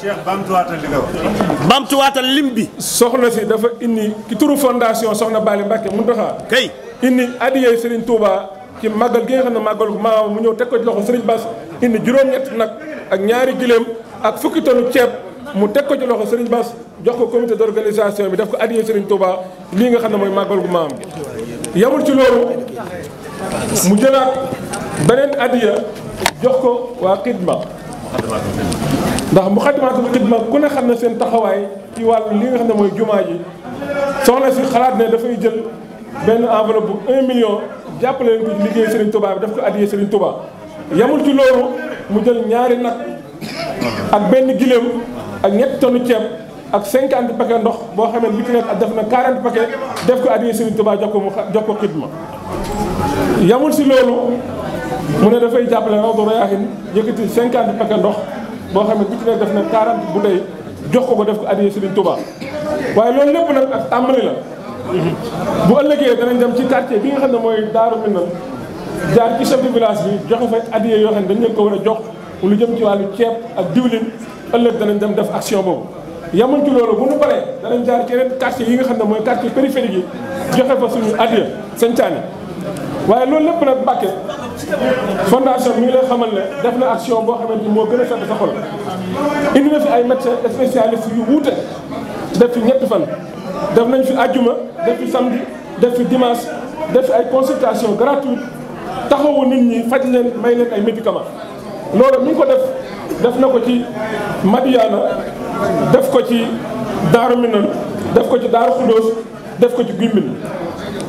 Cheikh bamtuwaatal li nga wax. bamtuwaatal lim bi. soxna si dafa indi ki turu fondation Soxna Bally Mbacké Mountakha. kay indi adiyee Serigne Touba ci màggal gi nga xam ne màggal ko maam mu ñëw teg ko ci loxo Serigne Bass indi juróom-ñett nag ak ñaari gileem ak fukki tonu ceeb mu teg ko ci loxo sëriñ Bass jox ko comité d'organisation bi daf ko adiyee Serigne Touba lii nga xam ne mooy màggal gu bi yamul ci loolu mu jëlaat beneen adiya jox ko waa Xidma. ndax muqaddimaatul xidma ku ne xam ne seen taxawaay ci wàllu li nga xam ne mooy jumaa ji soxna si xalaat ne dafay jël benn enveloppe 1 million jàppale leen ko ci liggéey Serigne Touba bi daf ko addiyee Serigne Touba yamul ci loolu mu jël ñaari nag ak benn giléem ak ñetti tonnu ceeb ak 50 paquet ndox boo xamee li ci nekk def na 40 paquet def ko addiyee Serigne Touba jox ko jox ko xidma yamul si loolu mu ne dafay jàppale Rawdu Rayaahin yëkkati 50 paquet ndox boo xam ne bu ci nekk def na 40 bu tey jox ko ko def ko adiyee Serigne Touba waaye loolu lépp nag ak tàmbali la bu ëllëgee danañ dem ci quartier bi nga xam ne mooy Daaru Minam jaar ci chef de village bi joxe fa adiyee yoo xam ne dañ leen ko war a jox lu jëm ci wàllu ceeb ak diwlin ëllëg danañ dem def action boobu yamuñ ci loolu bu nu paree danañ jaar ci yeneen quartier yi nga xam ne mooy quartier périphérique yi joxe fa suñu adiyee seen caani waaye loolu lépp nag bàkke fondation bi ñu xamal ne def na action boo xamante ni moo gën a sedd sa xol indi na fi ay médecins spécialistes yu wuute def fi ñetti fan def nañ fi ajjuma def fi samedi def fi dimanche def fi ay consultation gratuit taxawu nit ñi faj leen may leen ay médicaments loolu mi ngi ko def def na ko ci Madiana def ko ci Daaru Minan def ko ci Daaru Xudóos def ko ci Guy Mbind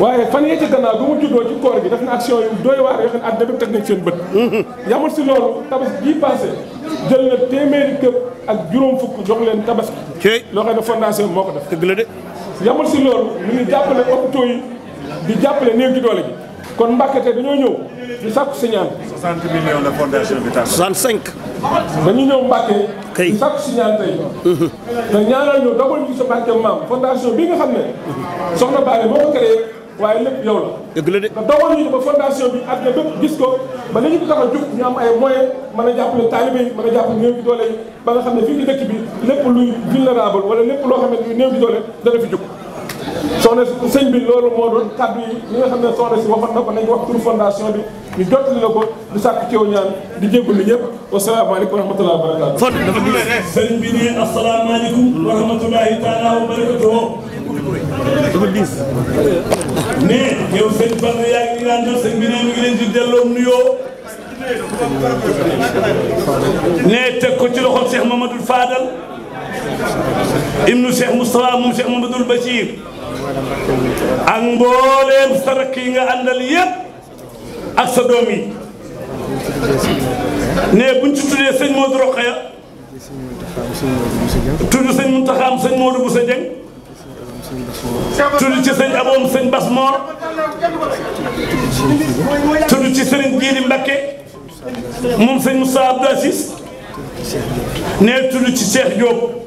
waaye fan yee ca gannaaw bi mu juddoo ci koor gi def na action yu doy waar yoo xam ne àddina bi teg nañ seen bët yamul si loolu tabaski bii passé jël na téeméeri këpp ak juróom fukk jox leen tabaski loo xam ne fondation bi moo ko def dëgg la de yamul si loolu mu ngi jàppale hôpitaux yi di jàppale néew ji doole ji kon Mbàkke tey dañoo ñëw ñu sàkku si 60 millions la fondation bi tax 65. dañu ñëw Mbàkke. kay ñu signal tay ñaan mhm. ñaanal ñu dogal ñu sa barke maam fondation bi nga xam ne. soxna Baale moo ko waye lepp yow la. dëgg la de dogal ñu ba fondation bi àddina bépp gis ko ba lañu ñu ko tax a ñu am ay moyens mëna japp jàppale talibé mëna japp a jàppale doole ba nga xam fi fii ci dëkk bi lepp luy vulnérable wala lepp lo xam ne luy néew bi doole dana fi juk soxna si sëñ bi loolu moo doon kàddu yi li nga xam ne soxna si waxoon na ko nañ wax pour fondation bi ñu jottali la ko di sàkk ci yow ñaan di jégalu ñëpp wasalaamaaleykum wa rahmatulah wa barakaatu. wa rahmatulahi wa barakatuh. dafa diis. ne yow sëñ Badou yaa ngi naan def sëñ bi ne mi ngi leen di delloo nuyoo. ne teg ko ci loxol Cheikh Mamadou Fadal. ibnu ak mbooleem sa rakk yi nga àndal yépp ak sa doom yi ne buñ ci tuddee sëñ Modou Rokhaya tudd sëñ Mountakha am sëñ Modou Bousso Dieng tudd ci sëñ Aboom sëñ Bas Mor tudd ci seen Jiili Mbakke moom sëñ Moussa Abdou Aziz ne tudd ci Cheikh Diop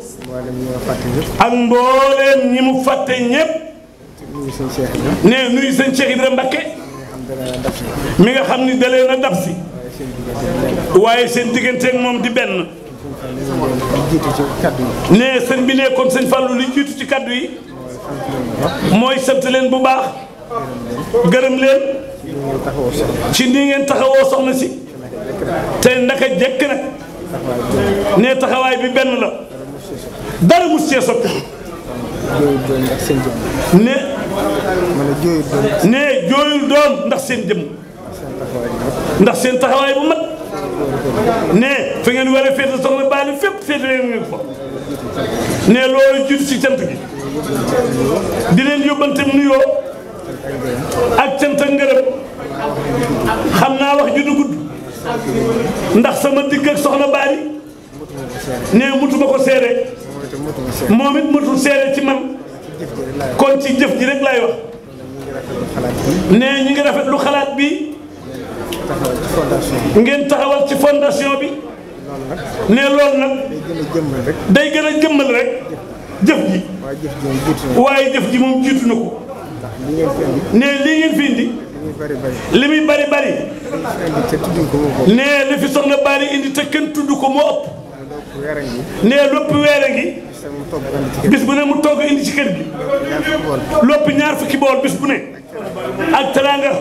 ak mbooleem ñi mu fàtte ñépp nuyu sëñ Cheikh Ibrahima. nee nuyu sëñ Cheikh Ibrahima mi nga xam ni dalee na daf si. waaye seen digganteeg moom di benn. nee sëñ bi ne comme sëñ li jiitu ci kaddu yi. mooy sant leen bu baax. gërëm leen. ci ni ngeen taxawoo soxna si. te naka jekk nag. nee taxawaay bi benn la. dara mu see jooyul doom ndax seen jëmm. ne. ma ne jooyul doom. ne jooyul doom ndax seen jëmm. ndax seen taxawaay bu mat. ne fi ngeen war a féete soxna Bally fépp féete ngeen ko ne loolu jiitu ci cant gi. di leen yóbbante nuyoo. ak cant ak xam naa wax ju gudd. ndax sama digg ak soxna Bally. ne mutuma ko seere moom it matul seere ci man kon ci jëf ji rek laay wax nee ñu ngi rafet lu xalaat bi ngeen taxawal ci fondation bi ne loolu nag day gën a jëmmal rek jëf ji waaye jëf ji moom jiitu na ko ne li ngeen fi indi li muy bari bari ne li fi soxna bari indi te kenn tudd ko moo nee lépp weer ngi. bis bu ne mu togg indi ci kër gi. lépp ñaar fukki bool bis bu ne. ak teraanga.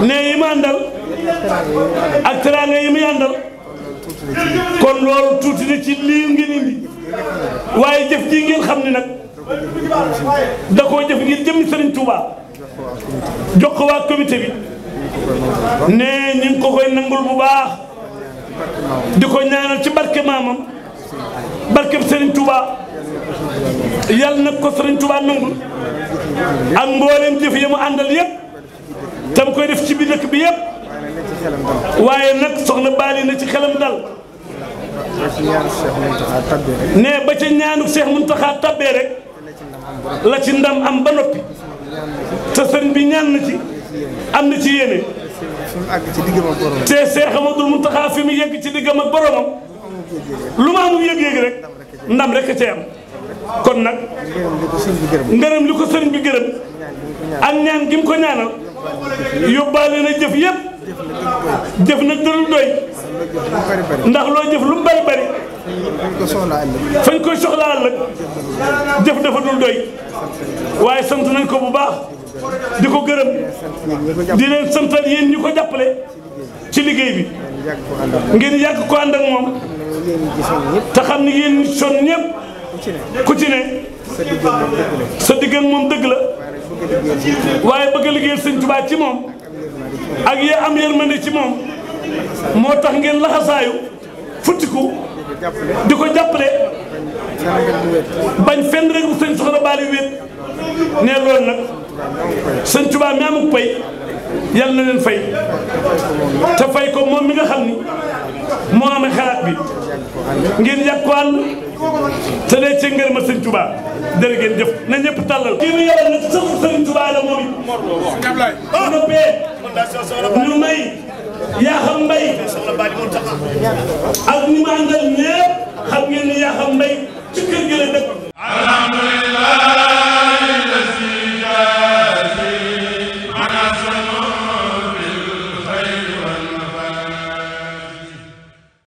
nee yi ak teraanga yi muy kon loolu tuuti na ci lii ngeen indi. waaye jëf ji ngeen xam ne nag. da koo jëf ngir jëmmi Serigne Touba. jox waa comité bi. nee ñu ngi nangul bu baax. di ko ñaanal ci barke. maamam barkeb Serigne Touba yal na ko Serigne Touba nangul ak mboolem jëf ya mu àndal yëpp koy def ci bi dëkk bi yëpp waaye nag soxna Bali na ci xelam dal ne ba ca ñaanu Cheikh Mountakha tabbee rek la ci ndam am ba noppi te sëriñ bi ñaan na ci am na ci yéene te Cheikh Amadou Mountakha yegg ci diggam ak boromam. lu ma amul yëg-yëg rek ndam rek a cay kon nag ngërëm li ko sëriñ bi gërëm ak ñaan gi mu ko ñaanal yóbbaale na jëf yëpp jëf na dul doy ndax loo jëf lu mu bari bari fañ koy soxlaa ëllëg jëf dafa doy waaye sant nañ ko bu baax di ko gërëm di leen santal yéen ñu ko jàppale ci liggéey bi ngeen yàgg ko ànd moom te xam ni yéen ñi sonn ñëpp ku ci ne sa diggante moom dëgg la waaye bëgg a liggéeyal sëñ Tuubaa ci moom ak yee am yërmande ci moom moo tax ngeen laxasaayu futtiku di ko jàppale bañ fenn rek bu sëñ soxna baali wéet ne loolu nag sëñ Tuubaa mi amuk pay yàlla na leen fay te fay ko moom mi nga xam ci ngërëma sëñ Touba jërë ngeen jëf na ñëpp tàllal kii nu yabal nag sax sëñ Touba la moom it noppee ñu may Yakham Mbaye ak ñi ma àndal ñëpp xam ngeen ne Yakham Mbaye ci kër gi la dëkk